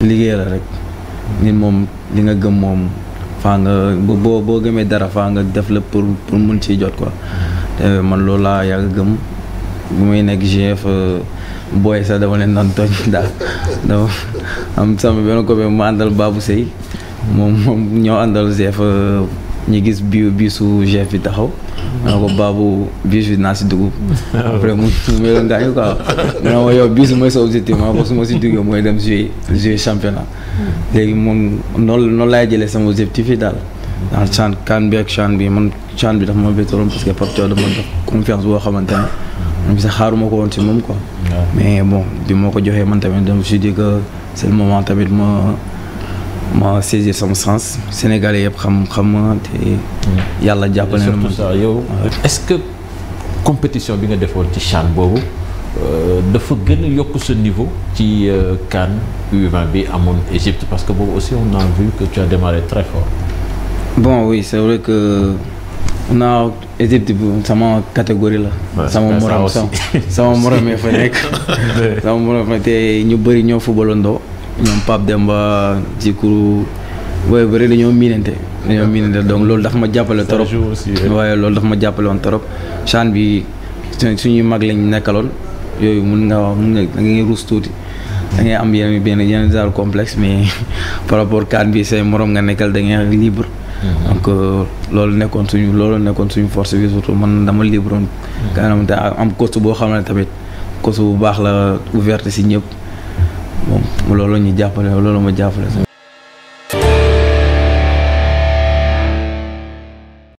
liggéey la rek nit moom li nga gëm moom faa nga boo boo gëmee dara faa nga def la pour pour mun ciy jot ko te man loolu laa yàgg gëm bu muy nekk GF euh, booy sax dama leen nan tooñ daal dama am sama benn copain mu àndal Babou Seye moom moom ñoo àndal fa euh, ñu gis bi biisu chef bi taxaw. ma ne ko baabu biis bi naa si dugg. après mu meloon gaañu quoi ma ne ma yow biis mooy sa objectif ma ne ko su ma si duggee mooy dem jouer jouer championnat. léegi moom noonu noonu jëlee sama objectif yi daal. dans chan kan bi bi man chan bi dafa ma bétoon parce que Pape Thiaw dama jox confiance boo xamante ne. moom ko woon si moom mais bon bi moo ko joxee man tamit dama si di que c'est tamit ma. ma saisir sama sens sénégalais yëpp xam xam ma yalla mm. yàlla na ma yow est-ce que compétition bi nga defoon ci CHAN boobu euh, dafa gën a yokk sa niveau ci euh, CAN U20 bi amoon Égypte parce que bobu aussi on a vu que tu as démarré très fort bon oui c'est vrai que on a Égypte ça m'a catégorie la sama morom sama morom fa nek sama morom fa te ñu bari ñoo footballondo ñoom Pape Demba Jikuru waaye bëri dañoo miinante dañoo miinante donc loolu dafa ma jàppale trop waaye loolu dafa ma jàppale woon trop chan bi suñuy mag lañu nekkaloon yooyu mun nga wax mun nga da ruus tuuti da ngay am yenn benn yenn genre complexe mais par rapport kaan bi say morom nga nekkal da ngay libre mm-hmm. donc euh, loolu nekkoon suñu loolu nekkoon suñu force bi surtout man dama libre woon mm-hmm. kaanamte am cost boo xam ne tamit cost bu baax la ouverte si ñëpp moom loolu la ñuy jàppale loolu ma jàppale sax